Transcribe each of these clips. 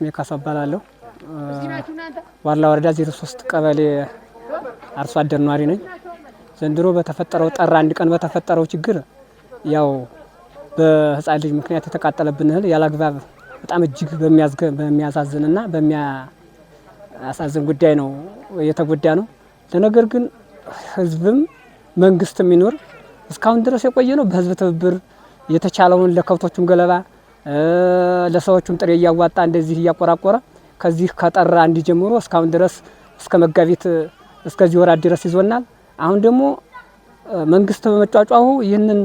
ስሜ ካሳ እባላለሁ። ዋላ ወረዳ 03 ቀበሌ አርሶ አደር ነዋሪ ነኝ። ዘንድሮ በተፈጠረው ጠር አንድ ቀን በተፈጠረው ችግር ያው በህፃን ልጅ ምክንያት የተቃጠለብን እህል ያላግባብ በጣም እጅግ በሚያሳዝንና በሚያሳዝን ጉዳይ ነው የተጎዳ ነው። ለነገር ግን ህዝብም መንግስትም ይኖር እስካሁን ድረስ የቆየ ነው። በህዝብ ትብብር የተቻለውን ለከብቶቹም ገለባ ለሰዎቹም ጥሬ እያዋጣ እንደዚህ እያቆራቆረ ከዚህ ከጠራ አንድ እስካሁን ድረስ እስከ መጋቢት እስከዚህ ወራት ድረስ ይዞናል። አሁን ደግሞ መንግስት በመጫጫሁ ይህንን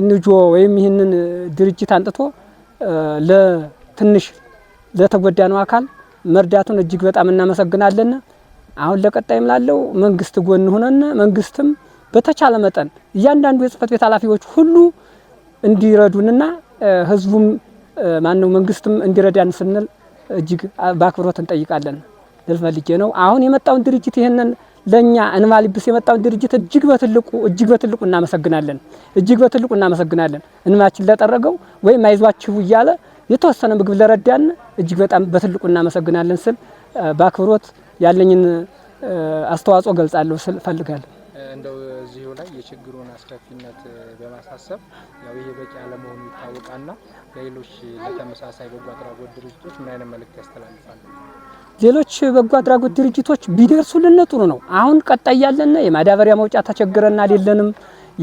እንጆ ወይም ይህንን ድርጅት አንጥቶ ለትንሽ ለተጎዳነው አካል መርዳቱን እጅግ በጣም እናመሰግናለን። አሁን ለቀጣይም ላለው መንግስት ጎን ሆነን መንግስትም በተቻለ መጠን እያንዳንዱ የጽህፈት ቤት ኃላፊዎች ሁሉ እንዲረዱንና ህዝቡም ማነው መንግስትም እንዲረዳን ስንል እጅግ በአክብሮት እንጠይቃለን ልል ፈልጌ ነው። አሁን የመጣውን ድርጅት ይህንን ለእኛ እንባ ልብስ የመጣውን ድርጅት እጅግ በትልቁ እጅግ በትልቁ እናመሰግናለን። እጅግ በትልቁ እናመሰግናለን። እንባችን ለጠረገው ወይም አይዟችሁ እያለ የተወሰነ ምግብ ለረዳን እጅግ በጣም በትልቁ እናመሰግናለን ስል በአክብሮት ያለኝን አስተዋጽኦ ገልጻለሁ ስል ፈልጋለሁ። እንደው እዚሁ ላይ የችግሩን አስከፊነት በማሳሰብ ያው ይሄ በቂ አለመሆኑ ይታወቃልና ለሌሎች ለተመሳሳይ በጎ አድራጎት ድርጅቶች ምን አይነት መልእክት ያስተላልፋል? ሌሎች በጎ አድራጎት ድርጅቶች ቢደርሱልን ጥሩ ነው። አሁን ቀጣይ ያለና የማዳበሪያ መውጫ ተቸግረና አይደለንም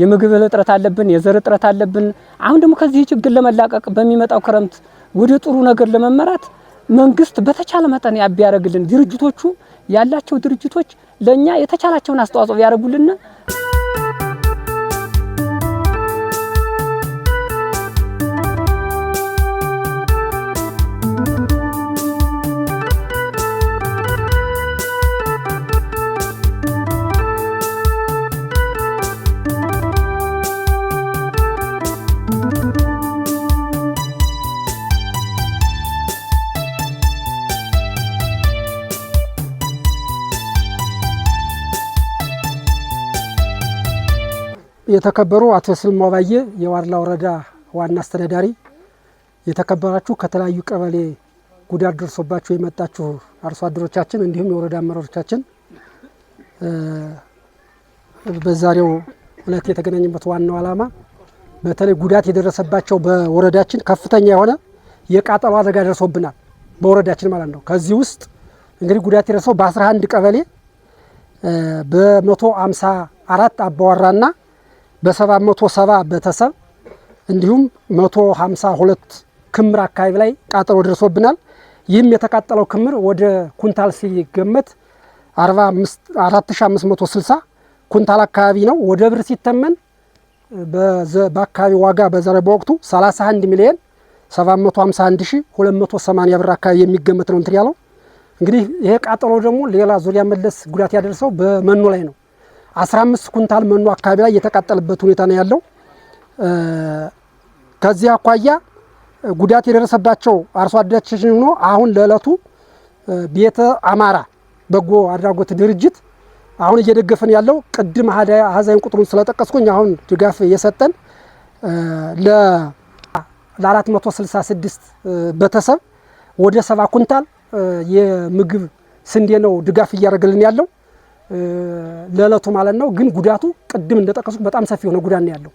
የምግብ እጥረት አለብን፣ የዘር እጥረት አለብን። አሁን ደግሞ ከዚህ ችግር ለመላቀቅ በሚመጣው ክረምት ወደ ጥሩ ነገር ለመመራት መንግስት በተቻለ መጠን ያቢያደርግልን ድርጅቶቹ ያላቸው ድርጅቶች ለእኛ የተቻላቸውን አስተዋጽኦ ቢያደርጉልን የተከበሩ አቶ ስልማ ባዬ የዋድላ ወረዳ ዋና አስተዳዳሪ፣ የተከበራችሁ ከተለያዩ ቀበሌ ጉዳት ደርሶባችሁ የመጣችሁ አርሶ አደሮቻችን እንዲሁም የወረዳ አመራሮቻችን በዛሬው እለት የተገናኘበት ዋናው ዓላማ በተለይ ጉዳት የደረሰባቸው በወረዳችን ከፍተኛ የሆነ የቃጠሎ አደጋ ደርሶብናል፣ በወረዳችን ማለት ነው። ከዚህ ውስጥ እንግዲህ ጉዳት የደረሰው በ11 ቀበሌ በ154 ና። በሰባት መቶ ሰባ ቤተሰብ እንዲሁም መቶ ሀምሳ ሁለት ክምር አካባቢ ላይ ቃጠሎ ደርሶብናል። ይህም የተቃጠለው ክምር ወደ ኩንታል ሲገመት 4560 ኩንታል አካባቢ ነው። ወደ ብር ሲተመን በአካባቢ ዋጋ በዛ ላይ 31 ሚሊዮን 751280 ብር አካባቢ የሚገመት ነው እንትን ያለው። እንግዲህ ይሄ ቃጠሎ ደግሞ ሌላ ዙሪያ መለስ ጉዳት ያደርሰው በመኖ ላይ ነው። 15 ኩንታል መኖ አካባቢ ላይ የተቃጠለበት ሁኔታ ነው ያለው። ከዚህ አኳያ ጉዳት የደረሰባቸው አርሶ አደሮቻችን ሆኖ አሁን ለዕለቱ ቤተ አማራ በጎ አድራጎት ድርጅት አሁን እየደገፈን ያለው ቅድም አሃዛይን ቁጥሩን ስለጠቀስኩኝ አሁን ድጋፍ እየሰጠን ለ466 ቤተሰብ ወደ ሰባ ኩንታል የምግብ ስንዴ ነው ድጋፍ እያደረገልን ያለው። ለእለቱ ማለት ነው። ግን ጉዳቱ ቅድም እንደጠቀሱ በጣም ሰፊ የሆነ ጉዳት ነው ያለው።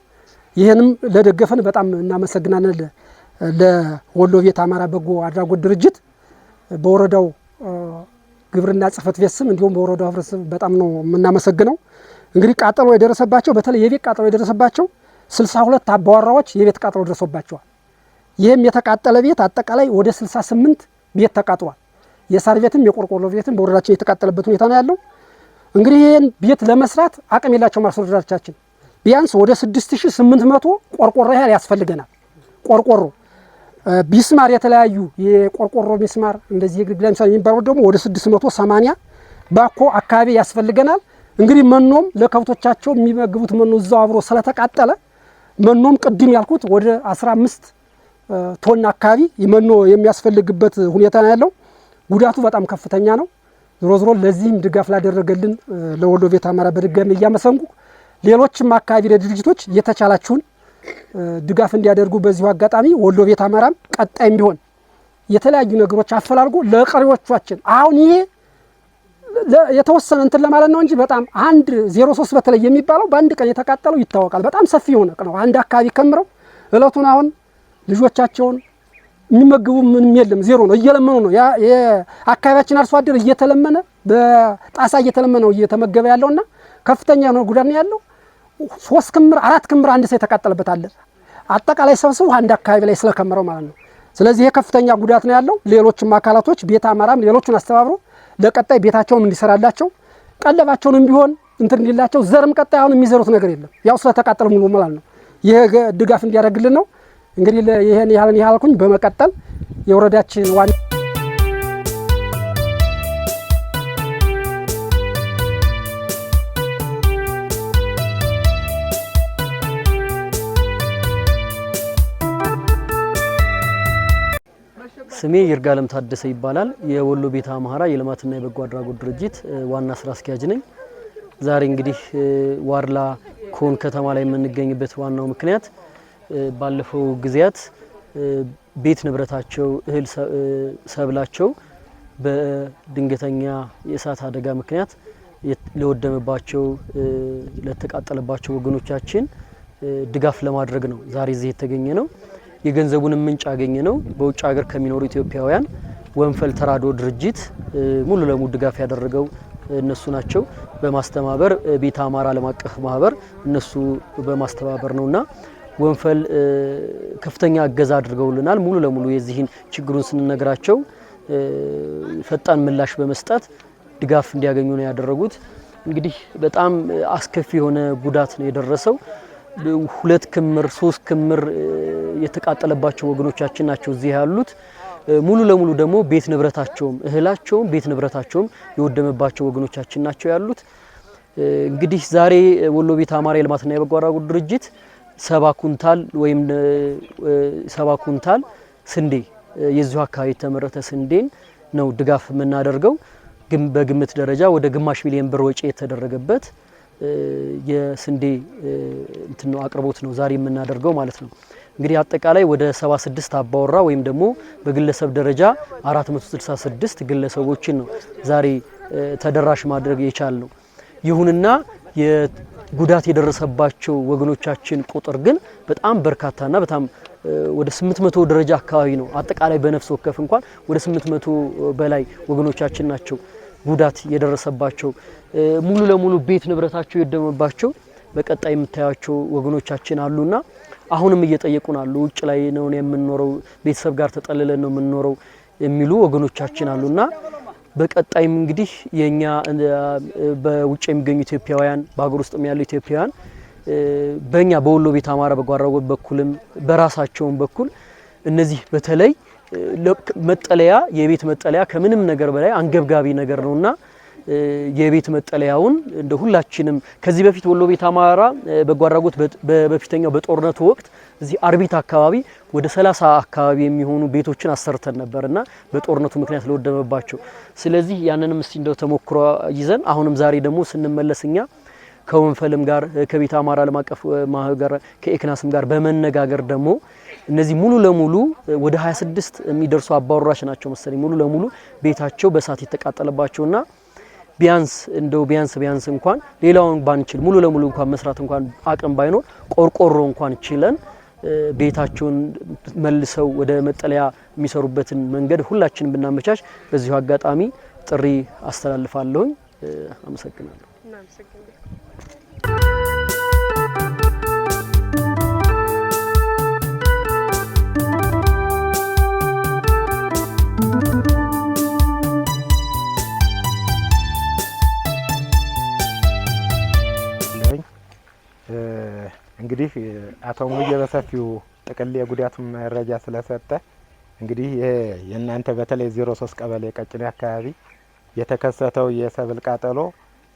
ይህንም ለደገፈን በጣም እናመሰግናለን። ለወሎ ቤት አማራ በጎ አድራጎት ድርጅት በወረዳው ግብርና ጽህፈት ቤት ስም እንዲሁም በወረዳው ህብረት በጣም ነው የምናመሰግነው። እንግዲህ ቃጠሎ የደረሰባቸው በተለይ የቤት ቃጠሎ የደረሰባቸው ስልሳ ሁለት አባወራዎች የቤት ቃጠሎ ደርሶባቸዋል። ይህም የተቃጠለ ቤት አጠቃላይ ወደ ስልሳ ስምንት ቤት ተቃጥሏል። የሳር ቤትም የቆርቆሮ ቤትም በወረዳችን የተቃጠለበት ሁኔታ ነው ያለው። እንግዲህ ይህን ቤት ለመስራት አቅም የላቸው አርሶአደሮቻችን። ቢያንስ ወደ 6800 ቆርቆሮ ያህል ያስፈልገናል። ቆርቆሮ ቢስማር፣ የተለያዩ የቆርቆሮ ቢስማር እንደዚህ የግድግዳ ሚስማር የሚባለው ደግሞ ወደ 680 ባኮ አካባቢ ያስፈልገናል። እንግዲህ መኖም ለከብቶቻቸው የሚመግቡት መኖ እዛው አብሮ ስለተቃጠለ መኖም ቅድም ያልኩት ወደ 15 ቶን አካባቢ መኖ የሚያስፈልግበት ሁኔታ ነው ያለው። ጉዳቱ በጣም ከፍተኛ ነው። ዞሮ ዞሮ ለዚህም ድጋፍ ላደረገልን ለወሎ ቤት አማራ በድጋሚ እያመሰንጉ ሌሎችም አካባቢ ድርጅቶች የተቻላችሁን ድጋፍ እንዲያደርጉ በዚሁ አጋጣሚ ወሎ ቤት አማራም ቀጣይም ቢሆን የተለያዩ ነገሮች አፈላልጎ ለቀሪዎቻችን አሁን ይሄ የተወሰነ እንትን ለማለት ነው እንጂ በጣም አንድ ዜሮ ሶስት በተለይ የሚባለው በአንድ ቀን የተቃጠለው ይታወቃል። በጣም ሰፊ የሆነ ነው። አንድ አካባቢ ከምረው እለቱን አሁን ልጆቻቸውን የሚመግቡ ምንም የለም፣ ዜሮ ነው። እየለመኑ ነው። የአካባቢያችን አርሶ አደር እየተለመነ በጣሳ እየተለመነ ነው እየተመገበ ያለውና ከፍተኛ ነው ጉዳት ነው ያለው። ሶስት ክምር አራት ክምር አንድ ሰው የተቃጠለበት አለ። አጠቃላይ ሰብስቡ አንድ አካባቢ ላይ ስለከመረው ማለት ነው። ስለዚህ ይሄ ከፍተኛ ጉዳት ነው ያለው። ሌሎችም አካላቶች ቤት አማራም ሌሎቹን አስተባብሮ ለቀጣይ ቤታቸውም እንዲሰራላቸው ቀለባቸውንም ቢሆን እንትን እንዲላቸው ዘርም ቀጣይ አሁን የሚዘሩት ነገር የለም ያው ስለተቃጠለ ሙሉ ማለት ነው። ይሄ ድጋፍ እንዲያደርግልን ነው። እንግዲህ ይህን ያህልን ያህልኩኝ በመቀጠል የወረዳችን ዋ ስሜ ይርጋለም ታደሰ ይባላል። የወሎ ቤተ አማራ የልማትና የበጎ አድራጎት ድርጅት ዋና ስራ አስኪያጅ ነኝ። ዛሬ እንግዲህ ዋርላ ኮን ከተማ ላይ የምንገኝበት ዋናው ምክንያት ባለፈው ጊዜያት ቤት ንብረታቸው፣ እህል ሰብላቸው በድንገተኛ የእሳት አደጋ ምክንያት ለወደመባቸው ለተቃጠለባቸው ወገኖቻችን ድጋፍ ለማድረግ ነው ዛሬ እዚህ የተገኘ ነው። የገንዘቡንም ምንጭ ያገኘ ነው በውጭ ሀገር ከሚኖሩ ኢትዮጵያውያን ወንፈል ተራዶ ድርጅት ሙሉ ለሙሉ ድጋፍ ያደረገው እነሱ ናቸው። በማስተባበር ቤተ አማራ ዓለም አቀፍ ማህበር እነሱ በማስተባበር ነውና ወንፈል ከፍተኛ እገዛ አድርገውልናል። ሙሉ ለሙሉ የዚህን ችግሩን ስንነግራቸው ፈጣን ምላሽ በመስጠት ድጋፍ እንዲያገኙ ነው ያደረጉት። እንግዲህ በጣም አስከፊ የሆነ ጉዳት ነው የደረሰው። ሁለት ክምር ሶስት ክምር የተቃጠለባቸው ወገኖቻችን ናቸው እዚህ ያሉት። ሙሉ ለሙሉ ደግሞ ቤት ንብረታቸውም እህላቸውም ቤት ንብረታቸውም የወደመባቸው ወገኖቻችን ናቸው ያሉት። እንግዲህ ዛሬ ወሎ ቤት አማራ የልማትና የበጎ አድራጎት ድርጅት ሰባ ኩንታል ወይም ሰባ ኩንታል ስንዴ የዚሁ አካባቢ የተመረተ ስንዴን ነው ድጋፍ የምናደርገው። በግምት ደረጃ ወደ ግማሽ ሚሊዮን ብር ወጪ የተደረገበት የስንዴ እንትን አቅርቦት ነው ዛሬ የምናደርገው ማለት ነው። እንግዲህ አጠቃላይ ወደ 76 አባወራ ወይም ደግሞ በግለሰብ ደረጃ 466 ግለሰቦችን ነው ዛሬ ተደራሽ ማድረግ የቻል ነው። ይሁንና ጉዳት የደረሰባቸው ወገኖቻችን ቁጥር ግን በጣም በርካታና በጣም ወደ 800 ደረጃ አካባቢ ነው። አጠቃላይ በነፍስ ወከፍ እንኳን ወደ 800 በላይ ወገኖቻችን ናቸው ጉዳት የደረሰባቸው ሙሉ ለሙሉ ቤት ንብረታቸው የደመባቸው በቀጣይ የምታያቸው ወገኖቻችን አሉና አሁንም እየጠየቁን አሉ። ውጭ ላይ ነው የምንኖረው፣ ቤተሰብ ጋር ተጠልለን ነው የምንኖረው የሚሉ ወገኖቻችን አሉና በቀጣይም እንግዲህ የኛ በውጭ የሚገኙ ኢትዮጵያውያን በሀገር ውስጥም ያሉ ኢትዮጵያውያን በእኛ በወሎ ቤት አማራ በጎ አድራጎት በኩልም በራሳቸውም በኩል እነዚህ በተለይ መጠለያ የቤት መጠለያ ከምንም ነገር በላይ አንገብጋቢ ነገር ነውና የቤት መጠለያውን እንደ ሁላችንም ከዚህ በፊት ወሎ ቤት አማራ በጎ አድራጎት በፊተኛው በጦርነቱ ወቅት እዚህ አርቢት አካባቢ ወደ 30 አካባቢ የሚሆኑ ቤቶችን አሰርተን ነበር እና በጦርነቱ ምክንያት ለወደመባቸው። ስለዚህ ያንንም እስቲ እንደው ተሞክሮ ይዘን አሁንም ዛሬ ደግሞ ስንመለስ እኛ ከወንፈልም ጋር ከቤተ አማራ ዓለም አቀፍ ማህበር ከኤክናስም ጋር በመነጋገር ደግሞ እነዚህ ሙሉ ለሙሉ ወደ 26 የሚደርሱ አባወራሽ ናቸው መሰለኝ ሙሉ ለሙሉ ቤታቸው በእሳት የተቃጠለባቸውና ቢያንስ እንደው ቢያንስ ቢያንስ እንኳን ሌላውን ባንችል ሙሉ ለሙሉ እንኳን መስራት እንኳን አቅም ባይኖር ቆርቆሮ እንኳን ችለን ቤታቸውን መልሰው ወደ መጠለያ የሚሰሩበትን መንገድ ሁላችን ብናመቻች በዚሁ አጋጣሚ ጥሪ አስተላልፋለሁኝ። አመሰግናለሁ። እንግዲህ አቶ ሙዬ በሰፊው ጥቅል የጉዳት መረጃ ስለሰጠ እንግዲህ ይሄ የእናንተ በተለይ ዜሮ ሶስት ቀበሌ ቀጭኔ አካባቢ የተከሰተው የሰብል ቃጠሎ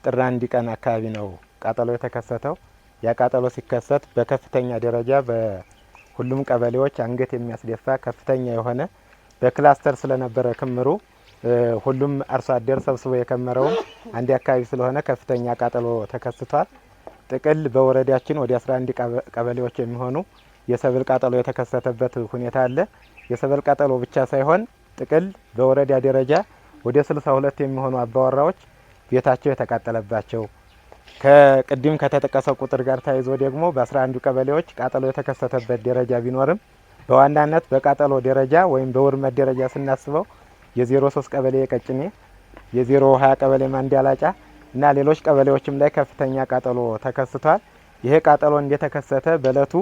ጥር አንድ ቀን አካባቢ ነው ቃጠሎ የተከሰተው። ያ ቃጠሎ ሲከሰት በከፍተኛ ደረጃ በሁሉም ቀበሌዎች አንገት የሚያስደፋ ከፍተኛ የሆነ በክላስተር ስለነበረ ክምሩ ሁሉም አርሶ አደር ሰብስቦ የከመረውም አንድ አካባቢ ስለሆነ ከፍተኛ ቃጠሎ ተከስቷል። ጥቅል በወረዳችን ወደ 11 ቀበሌዎች የሚሆኑ የሰብል ቃጠሎ የተከሰተበት ሁኔታ አለ። የሰብል ቃጠሎ ብቻ ሳይሆን ጥቅል በወረዳ ደረጃ ወደ 62 የሚሆኑ አባወራዎች ቤታቸው የተቃጠለባቸው ከቅድም ከተጠቀሰው ቁጥር ጋር ተያይዞ ደግሞ በ11 ቀበሌዎች ቃጠሎ የተከሰተበት ደረጃ ቢኖርም በዋናነት በቃጠሎ ደረጃ ወይም በውድመት ደረጃ ስናስበው የ03 ቀበሌ የቀጭኔ፣ የ020 ቀበሌ ማንዳላጫ እና ሌሎች ቀበሌዎችም ላይ ከፍተኛ ቃጠሎ ተከስቷል። ይሄ ቃጠሎ እንደተከሰተ በእለቱ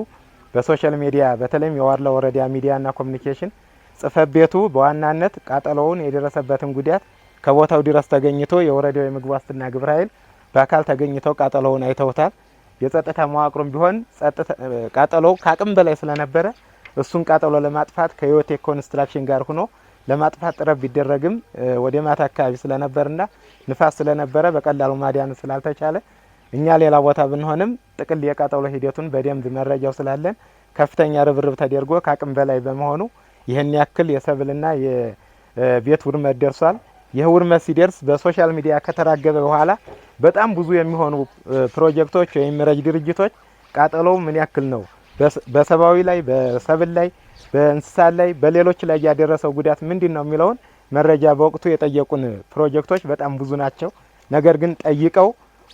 በሶሻል ሚዲያ በተለይም የዋርላ ወረዳ ሚዲያና ኮሚኒኬሽን ጽሕፈት ቤቱ በዋናነት ቃጠሎውን የደረሰበትን ጉዳት ከቦታው ድረስ ተገኝቶ የወረዳው የምግብ ዋስትና ግብረ ኃይል በአካል ተገኝተው ቃጠሎውን አይተውታል። የጸጥታ መዋቅሩም ቢሆን ቃጠሎው ከአቅም በላይ ስለነበረ እሱን ቃጠሎ ለማጥፋት ከህይወት ኮንስትራክሽን ጋር ሆኖ ለማጥፋት ጥረት ቢደረግም ወደ ማታ አካባቢ ስለነበርና ንፋስ ስለነበረ በቀላሉ ማዳን ስላልተቻለ እኛ ሌላ ቦታ ብንሆንም ጥቅል የቃጠሎ ሂደቱን በደንብ መረጃው ስላለን ከፍተኛ ርብርብ ተደርጎ ከአቅም በላይ በመሆኑ ይህን ያክል የሰብልና የቤት ውድመት ደርሷል። ይህ ውድመት ሲደርስ በሶሻል ሚዲያ ከተራገበ በኋላ በጣም ብዙ የሚሆኑ ፕሮጀክቶች ወይም ረጅ ድርጅቶች ቃጠሎው ምን ያክል ነው በሰብአዊ ላይ በሰብል ላይ በእንስሳት ላይ በሌሎች ላይ ያደረሰው ጉዳት ምንድን ነው የሚለውን መረጃ በወቅቱ የጠየቁን ፕሮጀክቶች በጣም ብዙ ናቸው። ነገር ግን ጠይቀው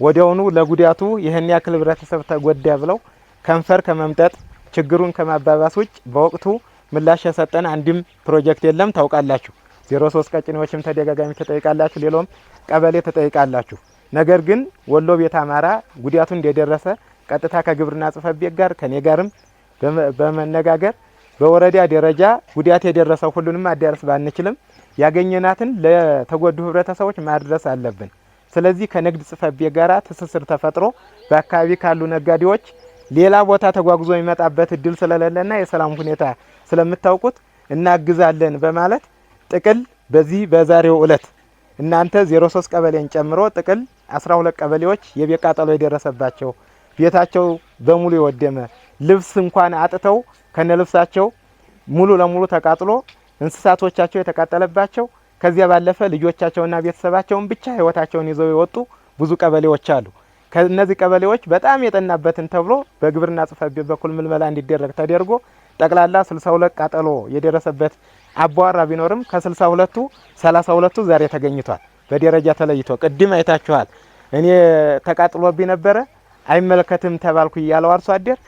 ወዲያውኑ ለጉዳቱ ይህን ያክል ህብረተሰብ ተጎዳ ብለው ከንፈር ከመምጠጥ ችግሩን ከማባባስ ውጭ በወቅቱ ምላሽ የሰጠን አንድም ፕሮጀክት የለም። ታውቃላችሁ፣ ዜሮ ሶስት ቀጭኔዎችም ተደጋጋሚ ተጠይቃላችሁ፣ ሌሎም ቀበሌ ተጠይቃላችሁ። ነገር ግን ወሎ ቤት አማራ ጉዳቱ እንደደረሰ ቀጥታ ከግብርና ጽሕፈት ቤት ጋር ከኔ ጋርም በመነጋገር በወረዳ ደረጃ ጉዳት የደረሰው ሁሉንም ማዳረስ ባንችልም ያገኘናትን ለተጎዱ ህብረተሰቦች ማድረስ አለብን። ስለዚህ ከንግድ ጽሕፈት ቤት ጋር ትስስር ተፈጥሮ በአካባቢ ካሉ ነጋዴዎች ሌላ ቦታ ተጓጉዞ የሚመጣበት እድል ስለሌለና የሰላም ሁኔታ ስለምታውቁት እናግዛለን በማለት ጥቅል በዚህ በዛሬው ዕለት እናንተ 03 ቀበሌን ጨምሮ ጥቅል 12 ቀበሌዎች የቤት ቃጠሎ የደረሰባቸው ቤታቸው በሙሉ የወደመ ልብስ እንኳን አጥተው ከነልብሳቸው ሙሉ ለሙሉ ተቃጥሎ እንስሳቶቻቸው የተቃጠለባቸው ከዚያ ባለፈ ልጆቻቸውና ቤተሰባቸውን ብቻ ህይወታቸውን ይዘው የወጡ ብዙ ቀበሌዎች አሉ። ከእነዚህ ቀበሌዎች በጣም የጠናበትን ተብሎ በግብርና ጽሕፈት ቤት በኩል ምልመላ እንዲደረግ ተደርጎ ጠቅላላ 62 ቃጠሎ የደረሰበት አቧራ ቢኖርም ከ62ቱ 32ቱ ዛሬ ተገኝቷል። በደረጃ ተለይቶ ቅድም አይታችኋል። እኔ ተቃጥሎብኝ ነበረ አይመለከትም ተባልኩ እያለው አርሶ አደር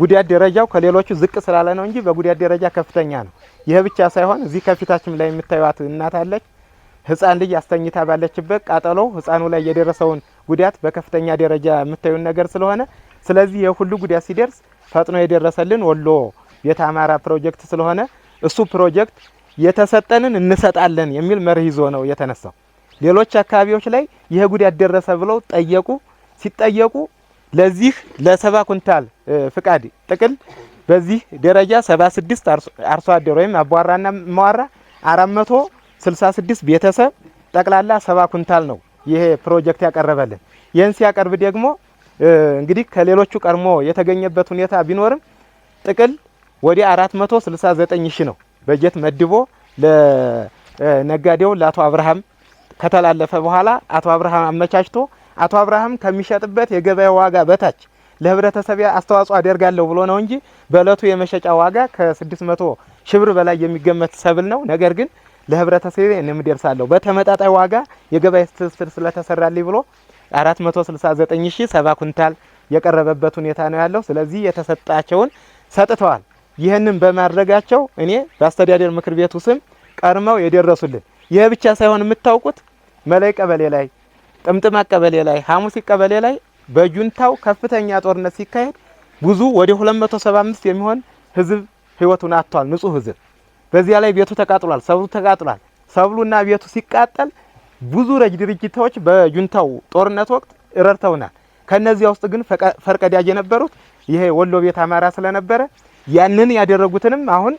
ጉዳት ደረጃው ከሌሎቹ ዝቅ ስላለ ነው እንጂ በጉዳት ደረጃ ከፍተኛ ነው። ይህ ብቻ ሳይሆን እዚህ ከፊታችን ላይ የምታዩት እናት አለች። ህፃን ልጅ አስተኝታ ባለችበት ቃጠሎ ህፃኑ ላይ የደረሰውን ጉዳት በከፍተኛ ደረጃ የምታዩን ነገር ስለሆነ ስለዚህ ይህ ሁሉ ጉዳት ሲደርስ ፈጥኖ የደረሰልን ወሎ ቤተ አማራ ፕሮጀክት ስለሆነ እሱ ፕሮጀክት የተሰጠንን እንሰጣለን የሚል መርህ ይዞ ነው የተነሳው። ሌሎች አካባቢዎች ላይ ይህ ጉዳት ደረሰ ብለው ጠየቁ። ሲጠየቁ ለዚህ ለሰባ ኩንታል ፍቃድ ጥቅል በዚህ ደረጃ 76 አርሶ አደር ወይም አቧራና መዋራ 466 ቤተሰብ ጠቅላላ ሰባ ኩንታል ነው ይሄ ፕሮጀክት ያቀረበልን። ይህን ሲያቀርብ ደግሞ እንግዲህ ከሌሎቹ ቀድሞ የተገኘበት ሁኔታ ቢኖርም ጥቅል ወደ 469 ሺ ነው በጀት መድቦ ለነጋዴው ለአቶ አብርሃም ከተላለፈ በኋላ አቶ አብርሃም አመቻችቶ አቶ አብርሃም ከሚሸጥበት የገበያ ዋጋ በታች ለህብረተሰብ አስተዋጽኦ አደርጋለሁ ብሎ ነው እንጂ በእለቱ የመሸጫ ዋጋ ከ600 ሺህ ብር በላይ የሚገመት ሰብል ነው። ነገር ግን ለህብረተሰብ እኔም ደርሳለሁ ዋጋ የገበያ ትስስር ስለተሰራልኝ ብሎ 4697 ኩንታል የቀረበበት ሁኔታ ነው ያለው። ስለዚህ የተሰጣቸውን ሰጥተዋል። ይህንን በማድረጋቸው እኔ በአስተዳደር ምክር ቤቱ ስም ቀርመው የደረሱልን። ይህ ብቻ ሳይሆን የምታውቁት መላይ ቀበሌ ላይ ጥምጥማ ቀበሌ ላይ ሐሙሲት ቀበሌ ላይ በጁንታው ከፍተኛ ጦርነት ሲካሄድ ብዙ ወደ 275 የሚሆን ህዝብ ህይወቱን አጥቷል። ንጹህ ህዝብ በዚያ ላይ ቤቱ ተቃጥሏል። ሰብሉ ተቃጥሏል። ሰብሉና ቤቱ ሲቃጠል ብዙ ረጅ ድርጅቶች በጁንታው ጦርነት ወቅት ረድተውናል። ከነዚያ ውስጥ ግን ፈርቀዳጅ የነበሩት ይሄ ወሎ ቤት አማራ ስለነበረ ያንን ያደረጉትንም አሁን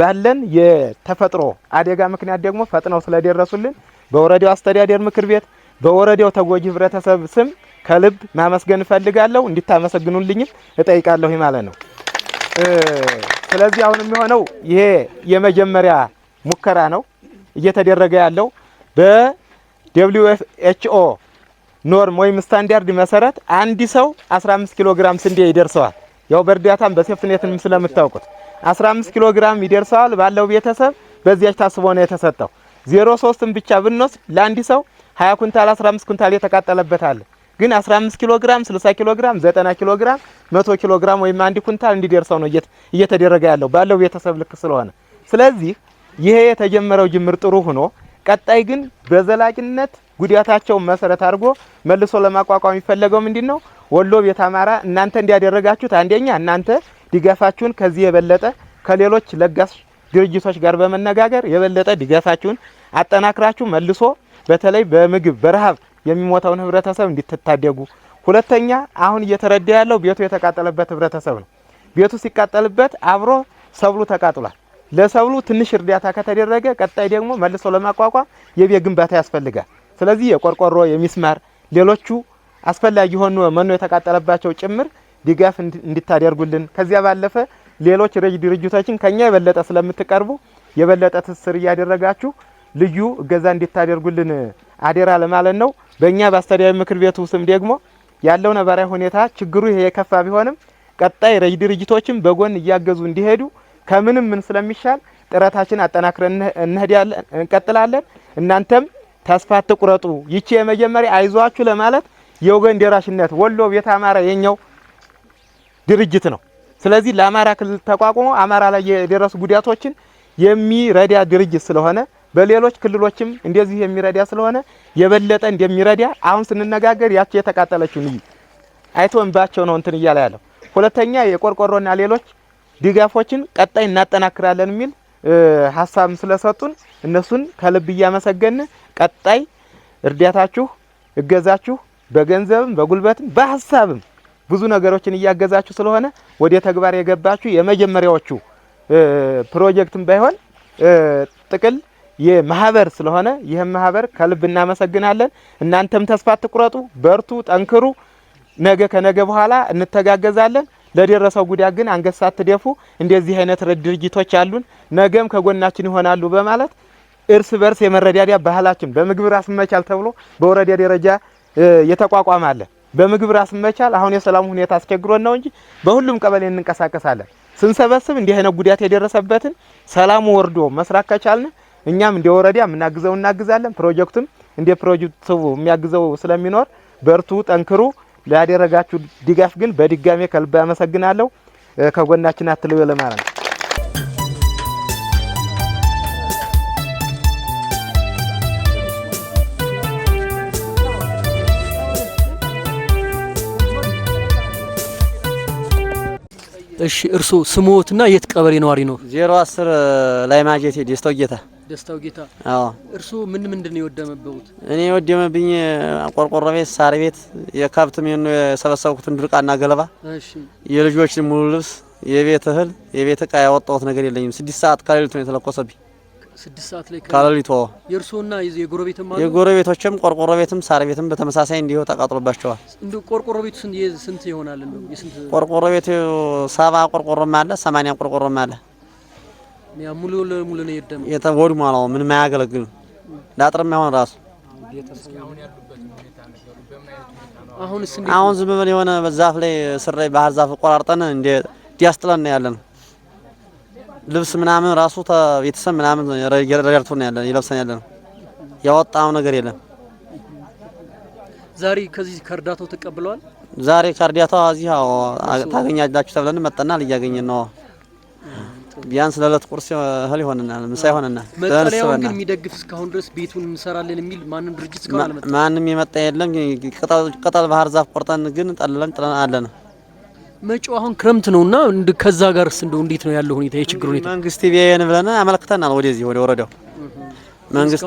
ባለን የተፈጥሮ አደጋ ምክንያት ደግሞ ፈጥነው ስለደረሱልን በወረዳው አስተዳደር ምክር ቤት በወረዳው ተጎጂ ህብረተሰብ ስም ከልብ ማመስገን እፈልጋለሁ። እንድታመሰግኑልኝም እጠይቃለሁ ማለት ነው። ስለዚህ አሁን የሚሆነው ይሄ የመጀመሪያ ሙከራ ነው እየተደረገ ያለው በደብሊው ኤች ኖርም ወይም ስታንዳርድ መሰረት አንድ ሰው 15 ኪሎ ግራም ስንዴ ይደርሰዋል። ያው በእርዳታም በሴፍትኔትም ስለምታውቁት 15 ኪሎ ግራም ይደርሰዋል ባለው ቤተሰብ በዚያች ታስቦ ነው የተሰጠው። 03ን ብቻ ብንወስድ ለአንድ ሰው 20 ኩንታል 15 ኩንታል የተቃጠለበት አለ። ግን 15 ኪሎ ግራም 60 ኪሎ ግራም 90 ኪሎ ግራም 100 ኪሎ ግራም ወይም አንድ ኩንታል እንዲደርሰው ነው እየተደረገ ያለው ባለው ቤተሰብ ልክ ስለሆነ፣ ስለዚህ ይሄ የተጀመረው ጅምር ጥሩ ሆኖ ቀጣይ ግን በዘላቂነት ጉዳታቸውን መሰረት አድርጎ መልሶ ለማቋቋም የሚፈለገው ምንድን ነው? ወሎ ቤት አማራ እናንተ እንዲያደረጋችሁት አንደኛ እናንተ ድጋፋችሁን ከዚህ የበለጠ ከሌሎች ለጋስ ድርጅቶች ጋር በመነጋገር የበለጠ ድጋፋችሁን አጠናክራችሁ መልሶ በተለይ በምግብ በረሃብ የሚሞተውን ህብረተሰብ እንድትታደጉ። ሁለተኛ አሁን እየተረዳ ያለው ቤቱ የተቃጠለበት ህብረተሰብ ነው። ቤቱ ሲቃጠልበት አብሮ ሰብሉ ተቃጥሏል። ለሰብሉ ትንሽ እርዳታ ከተደረገ ቀጣይ ደግሞ መልሶ ለማቋቋም የቤት ግንባታ ያስፈልጋል። ስለዚህ የቆርቆሮ የሚስማር፣ ሌሎቹ አስፈላጊ የሆኑ መኖ የተቃጠለባቸው ጭምር ድጋፍ እንዲታደርጉልን ከዚያ ባለፈ ሌሎች ድርጅቶችን ከኛ የበለጠ ስለምትቀርቡ የበለጠ ትስስር እያደረጋችሁ ልዩ እገዛ እንዲታደርጉልን አደራ ለማለት ነው። በእኛ በአስተዳዳሪ ምክር ቤቱ ስም ደግሞ ያለው ነባራዊ ሁኔታ ችግሩ ይሄ የከፋ ቢሆንም ቀጣይ ረጅ ድርጅቶችም በጎን እያገዙ እንዲሄዱ ከምንም ምን ስለሚሻል ጥረታችን አጠናክረን እንሄዳለን፣ እንቀጥላለን። እናንተም ተስፋ አትቁረጡ። ይቺ የመጀመሪያ አይዟችሁ ለማለት የወገን ደራሽነት ወሎ ቤት አማራ የኛው ድርጅት ነው። ስለዚህ ለአማራ ክልል ተቋቁሞ አማራ ላይ የደረሱ ጉዳቶችን የሚረዳ ድርጅት ስለሆነ በሌሎች ክልሎችም እንደዚህ የሚረዳ ስለሆነ የበለጠ እንደሚረዳ አሁን ስንነጋገር ያቺ የተቃጠለችውን እዩ አይቶንባቸው ነው እንትን እያለ ያለው። ሁለተኛ የቆርቆሮና ሌሎች ድጋፎችን ቀጣይ እናጠናክራለን የሚል ሀሳብ ስለሰጡን እነሱን ከልብ እያመሰገን ቀጣይ እርዳታችሁ እገዛችሁ በገንዘብም በጉልበትም በሀሳብም ብዙ ነገሮችን እያገዛችሁ ስለሆነ ወደ ተግባር የገባችሁ የመጀመሪያዎቹ ፕሮጀክትም ባይሆን ጥቅል ማህበር ስለሆነ ይህም ማህበር ከልብ እናመሰግናለን። እናንተም ተስፋ አትቁረጡ፣ በርቱ፣ ጠንክሩ። ነገ ከነገ በኋላ እንተጋገዛለን። ለደረሰው ጉዳት ግን አንገት ሳትደፉ እንደዚህ አይነት ድርጅቶች አሉን፣ ነገም ከጎናችን ይሆናሉ በማለት እርስ በርስ የመረዳዳ ባህላችን በምግብ ራስ መቻል ተብሎ በወረዳ ደረጃ የተቋቋመ አለ። በምግብ ራስ መቻል አሁን የሰላሙ ሁኔታ አስቸግሮን ነው እንጂ በሁሉም ቀበሌ እንንቀሳቀሳለን። ስንሰበስብ እንዲህ አይነት ጉዳት የደረሰበትን ሰላሙ ወርዶ መስራት ከቻልን እኛም እንደ ወረዳ የምናግዘው እናግዛለን። ፕሮጀክቱም እንደ ፕሮጀክቱ የሚያግዘው ስለሚኖር በርቱ፣ ጠንክሩ። ላደረጋችሁ ድጋፍ ግን በድጋሜ ከልብ አመሰግናለሁ። ከጎናችን አትለዩ ለማለት ነው። እሺ፣ እርሶ ስሞትና የት ቀበሌ ነዋሪ ነው? ዜሮ አስር ላይ ማጀቴ ደስታው ጌታ ደስታው ጌታ። አዎ እርሱ ምን ምንድን ነው የወደመበውት? እኔ የወደመብኝ ቆርቆሮ ቤት፣ ሳር ቤት፣ የከብት ምን የሰበሰብኩትን ድርቃና ገለባ፣ እሺ የልጆችን ሙሉ ልብስ፣ የቤት እህል፣ የቤት እቃ ያወጣሁት ነገር የለኝም። ስድስት ሰዓት ከሌሊቱ ነው የተለኮሰብኝ። ስድስት ሰዓት ላይ ከሌሊቱ የእርስዎና የጎረቤትም አሉ? የጎረቤቶችም ቆርቆሮ ቤትም ሳር ቤትም በተመሳሳይ እንዲሁ ተቃጥሎባቸዋል። እንዱ ቆርቆሮ ቤቱ ስንት ይሆናል? እንደው የስንት ቆርቆሮ ቤቱ ሰባ ቆርቆሮም አለ ሰማንያ ቆርቆሮም አለ ሙሉ ለሙሉ ነው የደመ የተወድሟል። አሁን ምንም ዳጥር የማይሆን ራሱ አሁን ዝም ብለን የሆነ በዛፍ ላይ ስር ላይ ባህር ዛፍ ቆራርጠን እንደ ዲያስጥለን ነው ያለን። ልብስ ምናምን ራሱ ቤተሰብ ምናምን ረዳርቶ ነው ያለን ይለብሰን ያለን ያወጣው ነገር የለም። ዛሬ ከዚህ ከእርዳታው ተቀብለዋል። ዛሬ ከእርዳታው እዚህ ታገኛላችሁ ተብለን መጠናል። እያገኘን ነው ቢያንስ ለእለት ቁርስ እህል ይሆንናል፣ ምሳ ይሆንናል። መጠለያውን ግን የሚደግፍ እስካሁን ድረስ ቤቱን እንሰራለን የሚል ማንም ድርጅት እስካሁን አልመጣም። ማንም የመጣ የለም። ቅጠል ባህር ዛፍ ቆርጠን ግን ጠልለን ጥለን አለን። መጪው አሁን ክረምት ነውና ከዛ ጋርስ እንደው እንዴት ነው ያለው ሁኔታ የችግር ሁኔታ? መንግስት ቢያየን ብለን አመልክተናል ወደዚህ ወደ ወረዳው መንግስት።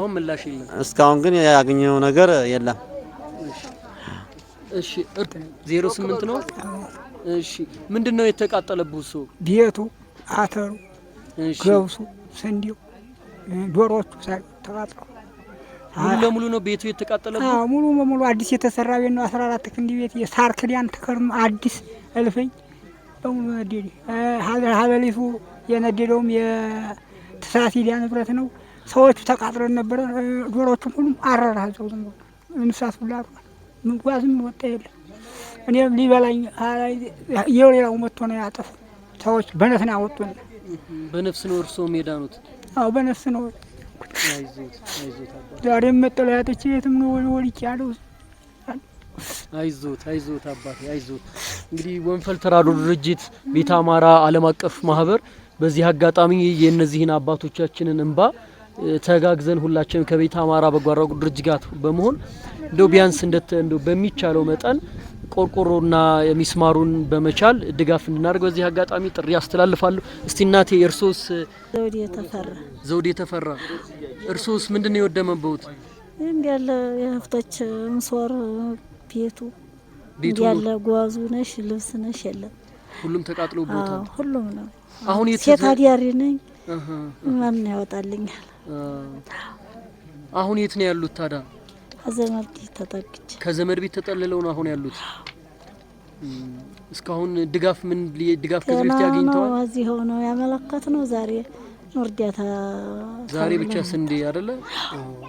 እስካሁን ግን ያገኘው ነገር የለም። እሺ ዜሮ ስምንት ነው። እሺ ምንድን ነው የተቃጠለብህ? ቤቱ አተሩ፣ ገብሱ፣ ስንዴው፣ ዶሮቹ ሳይቀር ሙሉ ለሙሉ ነው ቤቱ የተቃጠለው። ሙሉ በሙሉ አዲስ የተሰራ ቤት ነው። አስራ አራት ክንድ ቤት የሳር ክዳን ተከርሞ አዲስ እልፍኝ በሙሉ ነደደ። ሀበሊቱ የነደደውም የትሳት ሂዳ ንብረት ነው። ሰዎቹ ተቃጥለን ነበረ። ዶሮቹም ሁሉም አረራ ዘው እንስሳት ሁላ ምንጓዝም ወጣ የለም። እኔም ሊበላኝ ሌላው መጥቶ ነው ያጠፉ ሰዎች በነፍስ ነው ያወጡን። በነፍስ ነው እርስዎ የዳኑት? አዎ በነፍስ ነው። ዛሬም መጠለያ አጥቼ የትም ነው ወልቅ ያለው። አይዞት አይዞት አባቴ አይዞት። እንግዲህ ወንፈል ተራድኦ ድርጅት ቤተ አማራ ዓለም አቀፍ ማህበር በዚህ አጋጣሚ የእነዚህን አባቶቻችንን እንባ ተጋግዘን ሁላችንም ከቤተ አማራ በጎ አድራጎት ድርጅት ጋር በመሆን እንደው ቢያንስ እንደው በሚቻለው መጠን ቆርቆሮና የሚስማሩን በመቻል ድጋፍ እንድናደርግ በዚህ አጋጣሚ ጥሪ አስተላልፋለሁ። እስቲ እናቴ እርሶስ? ዘውድ የተፈራ ዘውድ የተፈራ እርሶስ ምንድን ነው የወደመበት? እንዲህ ያለ የሀብቶች ምስዋር ቤቱ እንዲህ ያለ ጓዙ ነሽ ልብስ ነሽ የለም ሁሉም ተቃጥሎ ቦታ ሁሉም ነው። አሁን ሴት አዳሪ ነኝ ማን ያወጣልኛል? አሁን የት ነው ያሉት ታዲያ? ከዘመድ ቤት ተጠግቼ ከዘመድ ቤት ተጠልለው ነው አሁን ያሉት። እስካሁን ድጋፍ ምን ድጋፍ ከዚህ ቤት ያገኝተዋል? እዚህ ሆነው ያመለከት ነው ዛሬ እርዳታ ዛሬ ብቻ ስንዴ አይደለ?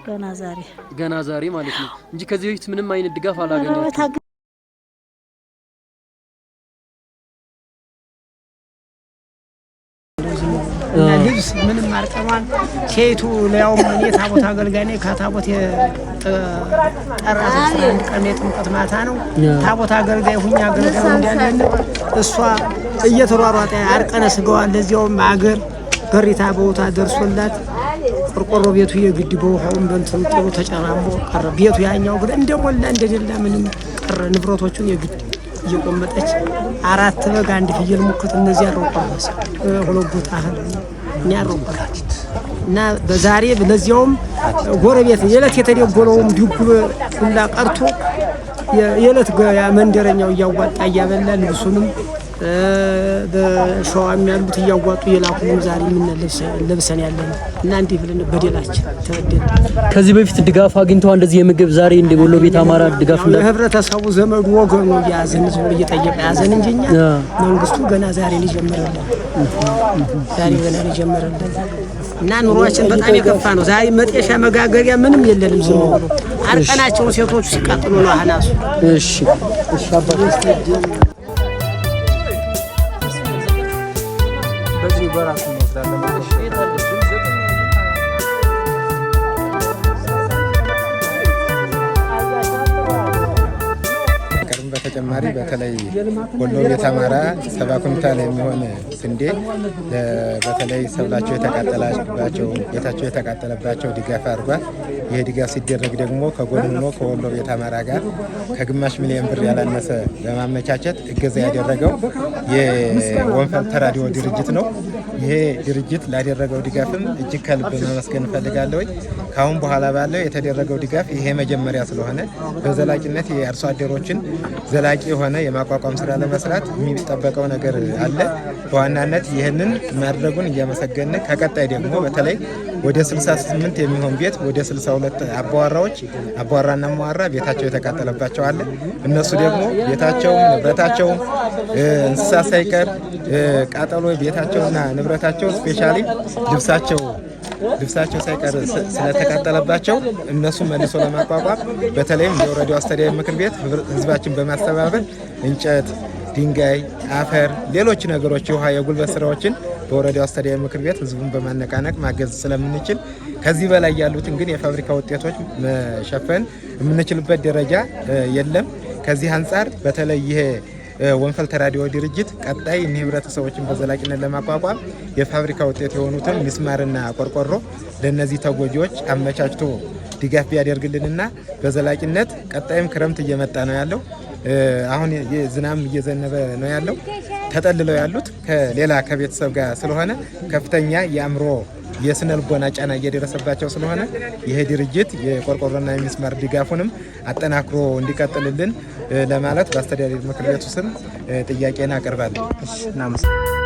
ገና ዛሬ ገና ዛሬ ማለት ነው እንጂ ከዚህ በፊት ምንም አይነት ድጋፍ አላገኘም። ማርጠኗን ሴቱ ሊያውም እኔ ታቦት አገልጋይ ነኝ። ከታቦት የጠራ አንድ ቀን የጥምቀት ማታ ነው። ታቦት አገልጋይ ሁኝ አገልጋይ እንዲያለን እሷ እየተሯሯጠ አርቀነ ስጋዋን እንደዚያውም አገር በሪታ በውታ ደርሶላት ቆርቆሮ ቤቱ የግድ በውሃውን በንትን ጥሩ ተጨራሞ ቀረ። ቤቱ ያኛው ግን እንደሞላ እንደሌላ ምንም ቀረ። ንብረቶቹን የግድ እየቆመጠች አራት በግ አንድ ፍየል ሙክት እነዚህ ያሮባስ ሁለት ቦታ እህል ያሮባል እና በዛሬ ለዚያውም ጎረቤት የዕለት የተደጎለውም ድጉብ ሁላ ቀርቶ የዕለት መንደረኛው እያዋጣ እያበላ ልብሱንም በሸዋም ያሉት እያዋጡ የላኩ ዛሬ ለብሰን ያለ ነው እና እንዲህ ብለን በደላችን ተበደል። ከዚህ በፊት ድጋፍ አግኝተ እንደዚህ የምግብ ዛሬ እንደ ወሎ ቤት አማራ ድጋፍ እንደ ህብረተሰቡ ዘመዱ ወገኑ እያዘን ዝ እየጠየቀ ያዘን እንጂ እኛ መንግስቱ ገና ዛሬ ሊጀምርልን ዛሬ ገና ሊጀምርልን እና ኑሯችን በጣም የከፋ ነው። ዛሬ መጤሻ መጋገሪያ ምንም የለንም። ዝም ብሎ አርቀናቸው ሴቶቹ ሲቃጥሉ ነው አናሱ። እሺ እሺ አባቴ በራሱ በተጨማሪ በተለይ ወሎ ቤተ ሰባ ኩንታል የሚሆን ስንዴ በተለይ ሰብላቸው የተቃጠለባቸው ቤታቸው የተቃጠለባቸው ድጋፍ አድርጓል። ይሄ ድጋፍ ሲደረግ ደግሞ ከጎን ሆኖ ከወሎ ቤት አማራ ጋር ከግማሽ ሚሊዮን ብር ያላነሰ በማመቻቸት እገዛ ያደረገው የወንፈል ተራዲዮ ድርጅት ነው። ይሄ ድርጅት ላደረገው ድጋፍም እጅግ ከልብ መመስገን እንፈልጋለሁ። ከአሁን በኋላ ባለው የተደረገው ድጋፍ ይሄ መጀመሪያ ስለሆነ በዘላቂነት የአርሶ አደሮችን ዘላቂ የሆነ የማቋቋም ስራ ለመስራት የሚጠበቀው ነገር አለ። በዋናነት ይህንን ማድረጉን እያመሰገን ከቀጣይ ደግሞ በተለይ ወደ 68 የሚሆን ቤት ወደ 62 አባዋራዎች አባዋራና መዋራ ቤታቸው የተቃጠለባቸው አለ። እነሱ ደግሞ ቤታቸው ንብረታቸው እንስሳ ሳይቀር ቃጠሎ ቤታቸውና ንብረታቸው ስፔሻሊ ልብሳቸው ልብሳቸው ሳይቀር ስለተቃጠለባቸው እነሱ መልሶ ለማቋቋም በተለይም የወረዳው አስተዳደር ምክር ቤት ህዝባችን በማስተባበር እንጨት፣ ድንጋይ፣ አፈር፣ ሌሎች ነገሮች ውሃ፣ የጉልበት ስራዎችን በወረዳው አስተዳደር ምክር ቤት ህዝቡን በማነቃነቅ ማገዝ ስለምንችል ከዚህ በላይ ያሉትን ግን የፋብሪካ ውጤቶች መሸፈን የምንችልበት ደረጃ የለም። ከዚህ አንጻር በተለይ ይሄ ወንፈል ተራዲዮ ድርጅት ቀጣይ እኒህ ህብረተሰቦችን በዘላቂነት ለማቋቋም የፋብሪካ ውጤት የሆኑትን ሚስማርና ቆርቆሮ ለእነዚህ ተጎጂዎች አመቻችቶ ድጋፍ ቢያደርግልንና በዘላቂነት ቀጣይም ክረምት እየመጣ ነው ያለው። አሁን ዝናም እየዘነበ ነው ያለው። ተጠልለው ያሉት ከሌላ ከቤተሰብ ጋር ስለሆነ ከፍተኛ የአእምሮ የስነ ልቦና ጫና እየደረሰባቸው ስለሆነ ይሄ ድርጅት የቆርቆሮና የሚስማር ድጋፉንም አጠናክሮ እንዲቀጥልልን ለማለት በአስተዳደር ምክር ቤቱ ስም ጥያቄን አቀርባለሁ።